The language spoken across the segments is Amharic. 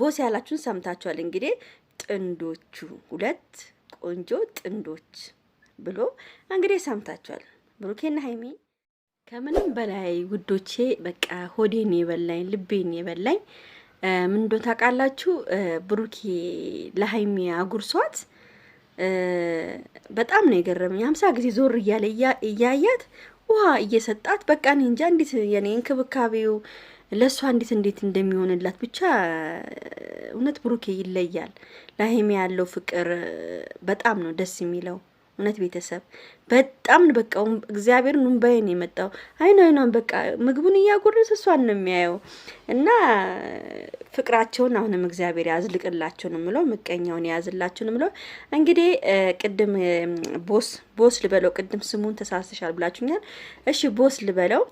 ቦስ ያላችሁን ሰምታችኋል። እንግዲህ ጥንዶቹ ሁለት ቆንጆ ጥንዶች ብሎ እንግዲህ ሰምታችኋል። ብሩኬና ሀይሚ ከምንም በላይ ውዶቼ፣ በቃ ሆዴን የበላኝ ልቤን የበላኝ ምን ታቃላችሁ ታውቃላችሁ? ብሩኬ ለሀይሚ አጉርሷት በጣም ነው የገረመኝ። ሀምሳ ጊዜ ዞር እያለ እያያት ውሃ እየሰጣት በቃ እኔ እንጃ እንዴት የኔ እንክብካቤው ለእሷ እንዴት እንዴት እንደሚሆንላት ብቻ እውነት ብሩኬ ይለያል። ለሀይሚ ያለው ፍቅር በጣም ነው ደስ የሚለው። እውነት ቤተሰብ በጣም በቃ እግዚአብሔር ኑን ነው የመጣው። አይን አይኗን በቃ ምግቡን እያጎረሰ እሷን ነው የሚያየው እና ፍቅራቸውን አሁንም እግዚአብሔር ያዝልቅላቸው ነው ምለው፣ ምቀኛውን ያዝላቸው ነው ምለው። እንግዲህ ቅድም ቦስ ቦስ ልበለው፣ ቅድም ስሙን ተሳስተሻል ብላችሁኛል። እሺ ቦስ ልበለው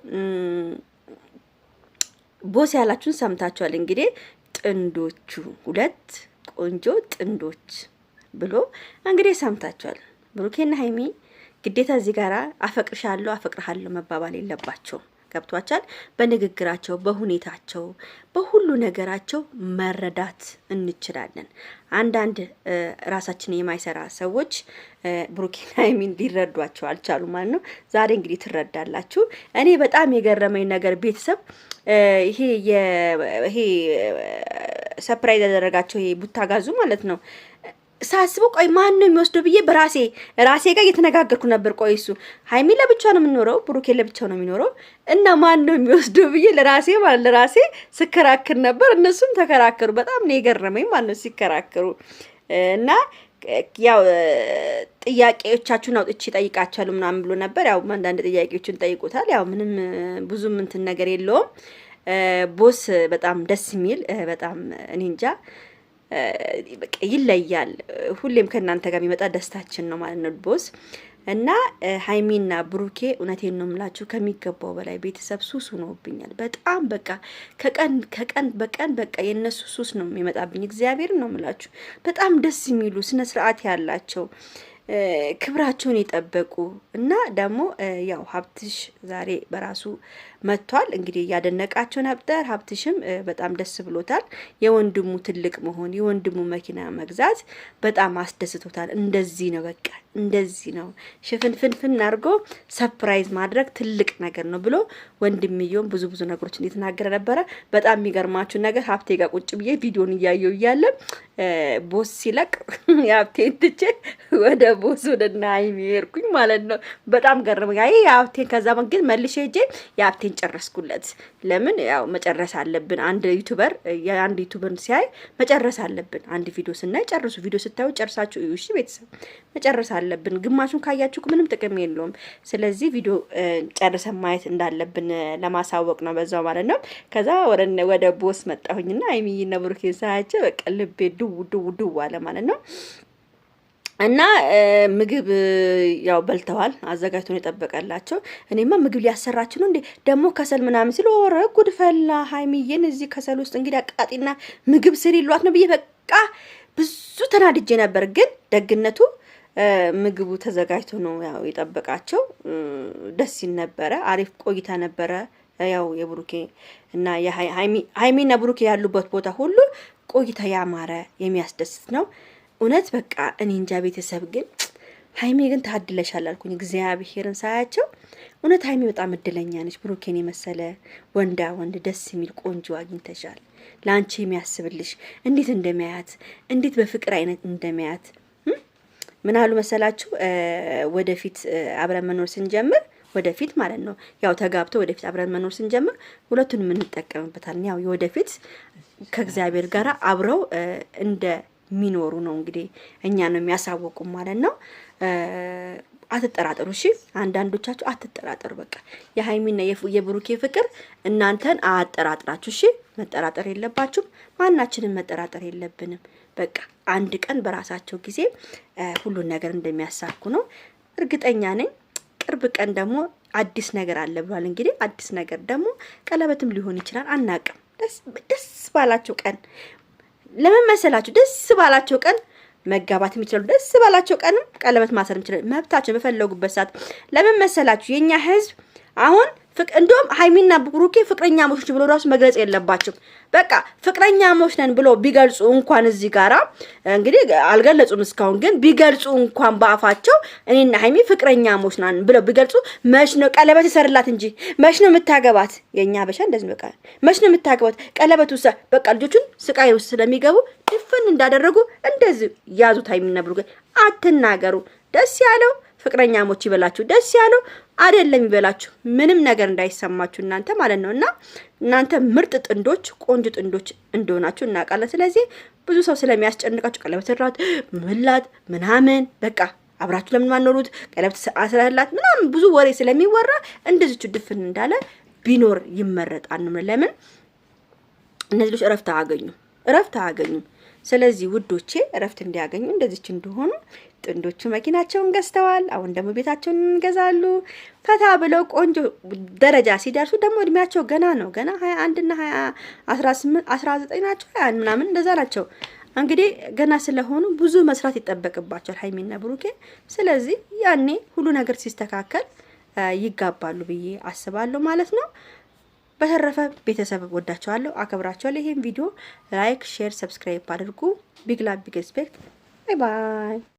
ቦስ ያላችሁን ሰምታችኋል። እንግዲህ ጥንዶቹ ሁለት ቆንጆ ጥንዶች ብሎ እንግዲህ ሰምታችኋል። ብሩኬና ሀይሚ ግዴታ እዚህ ጋር አፈቅርሻለሁ አፈቅርሃለሁ መባባል የለባቸውም። ገብቷቻል። በንግግራቸው፣ በሁኔታቸው፣ በሁሉ ነገራቸው መረዳት እንችላለን። አንዳንድ ራሳችን የማይሰራ ሰዎች ብሩኬና ሀይሚን ሊረዷቸው አልቻሉ ማለት ነው። ዛሬ እንግዲህ ትረዳላችሁ። እኔ በጣም የገረመኝ ነገር ቤተሰብ ይሄ ይሄ ሰፕራይዝ ያደረጋቸው ይሄ ቡታ ጋዙ ማለት ነው። ሳስበው ቆይ ማን ነው የሚወስደው ብዬ በራሴ ራሴ ጋር እየተነጋገርኩ ነበር። ቆይ እሱ ሀይሚ ለብቻ ነው የምኖረው፣ ብሩኬ ለብቻ ነው የሚኖረው እና ማን ነው የሚወስደው ብዬ ለራሴ ማለት ለራሴ ስከራክር ነበር። እነሱም ተከራከሩ። በጣም ነው የገረመኝ ማለት ነው ሲከራከሩ እና ያው ጥያቄዎቻችሁን አውጥቼ እጠይቃችኋለሁ ምናምን ብሎ ነበር። ያው አንዳንድ ጥያቄዎችን ጠይቁታል። ያው ምንም ብዙ ምንትን ነገር የለውም። ቦስ በጣም ደስ የሚል በጣም እኔ እንጃ ይለያል። ሁሌም ከእናንተ ጋር የሚመጣ ደስታችን ነው ማለት ነው ቦስ እና ሀይሚና ብሩኬ እውነቴን ነው የምላችሁ ከሚገባው በላይ ቤተሰብ ሱስ ሆኖብኛል። በጣም በቃ ከቀን ከቀን በቀን በቃ የእነሱ ሱስ ነው የሚመጣብኝ። እግዚአብሔር ነው የምላችሁ በጣም ደስ የሚሉ ስነ ስርዓት ያላቸው ክብራቸውን የጠበቁ እና ደግሞ ያው ሀብትሽ ዛሬ በራሱ መጥቷል። እንግዲህ እያደነቃቸው ነበር። ሀብትሽም በጣም ደስ ብሎታል። የወንድሙ ትልቅ መሆን፣ የወንድሙ መኪና መግዛት በጣም አስደስቶታል። እንደዚህ ነው በቃ እንደዚህ ነው ሽፍንፍንፍን አድርጎ ሰፕራይዝ ማድረግ ትልቅ ነገር ነው ብሎ ወንድምየውም ብዙ ብዙ ነገሮች እየተናገረ ነበረ። በጣም የሚገርማችሁ ነገር ሀብቴ ጋር ቁጭ ብዬ ቪዲዮን እያየው እያለ ቦስ ሲለቅ የሀብቴን ትቼ ወደ ቦስ ወደ ናይሚ ሄድኩኝ ማለት ነው። በጣም ገርም ይ የሀብቴን ከዛ መንገድ መልሼ ሄጄ የሀብቴን ጨረስኩለት። ለምን ያው መጨረስ አለብን። አንድ ዩቱበር የአንድ ዩቱበር ሲያይ መጨረስ አለብን። አንድ ቪዲዮ ስናይ ጨርሱ፣ ቪዲዮ ስታዩ ጨርሳችሁ እዩ። እሺ ቤተሰብ መጨረስ አለብን። ግማሹን ካያችሁ ምንም ጥቅም የለውም። ስለዚህ ቪዲዮ ጨርሰን ማየት እንዳለብን ለማሳወቅ ነው በዛው ማለት ነው። ከዛ ወደ ቦስ መጣሁኝና ሀይሚዬና ብሩኬን ሳያቸው በቃ ልቤ ድው ድው ድው አለ ማለት ነው። እና ምግብ ያው በልተዋል፣ አዘጋጅቶን የጠበቀላቸው። እኔማ ምግብ ሊያሰራችሁ ነው እንዴ ደግሞ ከሰል ምናምን ሲል ወረ ጉድ ፈላ። ሀይሚዬን እዚህ ከሰል ውስጥ እንግዲህ አቃጢና ምግብ ስሪ ይሏት ነው ብዬ በቃ ብዙ ተናድጄ ነበር። ግን ደግነቱ ምግቡ ተዘጋጅቶ ነው ያው የጠበቃቸው። ደስ ሲል ነበረ። አሪፍ ቆይታ ነበረ። ያው የብሩኬ እና ሀይሚና ብሩኬ ያሉበት ቦታ ሁሉ ቆይታ ያማረ የሚያስደስት ነው። እውነት በቃ እኔ እንጃ ቤተሰብ ግን ሀይሜ ግን ታድለሻል አልኩኝ እግዚአብሔርን ሳያቸው። እውነት ሀይሜ በጣም እድለኛ ነች። ብሩኬን የመሰለ ወንዳ ወንድ ደስ የሚል ቆንጆ አግኝተሻል። ለአንቺ የሚያስብልሽ እንዴት እንደሚያያት እንዴት በፍቅር አይነት እንደሚያያት ምን አሉ መሰላችሁ? ወደፊት አብረን መኖር ስንጀምር ወደፊት ማለት ነው ያው ተጋብቶ ወደፊት አብረን መኖር ስንጀምር ሁለቱን እንጠቀምበታለን ያው የወደፊት ከእግዚአብሔር ጋር አብረው እንደሚኖሩ ነው እንግዲህ እኛ ነው የሚያሳውቁ ማለት ነው። አትጠራጠሩ። እሺ አንዳንዶቻችሁ አትጠራጠሩ። በቃ የሀይሚና የብሩኬ ፍቅር እናንተን አያጠራጥራችሁ። እሺ መጠራጠር የለባችሁም። ማናችንም መጠራጠር የለብንም። በቃ አንድ ቀን በራሳቸው ጊዜ ሁሉን ነገር እንደሚያሳኩ ነው እርግጠኛ ነኝ። ቅርብ ቀን ደግሞ አዲስ ነገር አለ ብሏል። እንግዲህ አዲስ ነገር ደግሞ ቀለበትም ሊሆን ይችላል፣ አናቅም። ደስ ባላቸው ቀን ለምን መሰላችሁ? ደስ ባላቸው ቀን መጋባት የሚችላሉ። ደስ ባላቸው ቀንም ቀለበት ማሰር የሚችላሉ መብታቸው በፈለጉበት ሰዓት ለምን መሰላችሁ የእኛ ህዝብ አሁን እንዲሁም ሀይሚና ብሩኬ ፍቅረኛ ሞች ብሎ ራሱ መግለጽ የለባቸው። በቃ ፍቅረኛ ሞች ነን ብሎ ቢገልጹ እንኳን እዚህ ጋራ እንግዲህ አልገለጹም እስካሁን፣ ግን ቢገልጹ እንኳን በአፋቸው እኔና ሀይሚ ፍቅረኛ ሞች ነን ብለው ቢገልጹ መች ነው ቀለበት ይሰርላት እንጂ መች ነው የምታገባት? የእኛ በሻ እንደዚህ በቃ መች ነው የምታገባት? ቀለበት ውሰ በቃ ልጆቹን ስቃይ ውስጥ ስለሚገቡ ድፍን እንዳደረጉ እንደዚህ ያዙት። ሀይሚና ብሩኬ አትናገሩ። ደስ ያለው ፍቅረኛሞች ይበላችሁ፣ ደስ ያለው አይደለም ይበላችሁ። ምንም ነገር እንዳይሰማችሁ እናንተ ማለት ነው። እና እናንተ ምርጥ ጥንዶች፣ ቆንጆ ጥንዶች እንደሆናችሁ እናውቃለን። ስለዚህ ብዙ ሰው ስለሚያስጨንቃችሁ ቀለበት ራት ምላት ምናምን በቃ አብራችሁ ለምን ማኖሩት ቀለበት አስራላት ምናምን ብዙ ወሬ ስለሚወራ እንደዚቹ ድፍን እንዳለ ቢኖር ይመረጣል። ለምን እነዚህ ልጆች እረፍት አያገኙም? እረፍት አያገኙም። ስለዚህ ውዶቼ እረፍት እንዲያገኙ እንደዚች እንደሆኑ ጥንዶቹ መኪናቸውን ገዝተዋል። አሁን ደግሞ ቤታቸውን እንገዛሉ። ፈታ ብለው ቆንጆ ደረጃ ሲደርሱ ደግሞ እድሜያቸው ገና ነው። ገና ሀያ ና ሀያ አስራ ዘጠኝ ናቸው። ሀያ ምናምን እንደዛ ናቸው። እንግዲህ ገና ስለሆኑ ብዙ መስራት ይጠበቅባቸዋል ሀይሚና ብሩኬ። ስለዚህ ያኔ ሁሉ ነገር ሲስተካከል ይጋባሉ ብዬ አስባለሁ ማለት ነው። በተረፈ ቤተሰብ ወዳቸዋለሁ፣ አከብራቸዋለሁ። ይህም ቪዲዮ ላይክ፣ ሼር፣ ሰብስክራይብ አድርጉ። ቢግ ላቭ ቢግ ሪስፔክት። ባይ ባይ።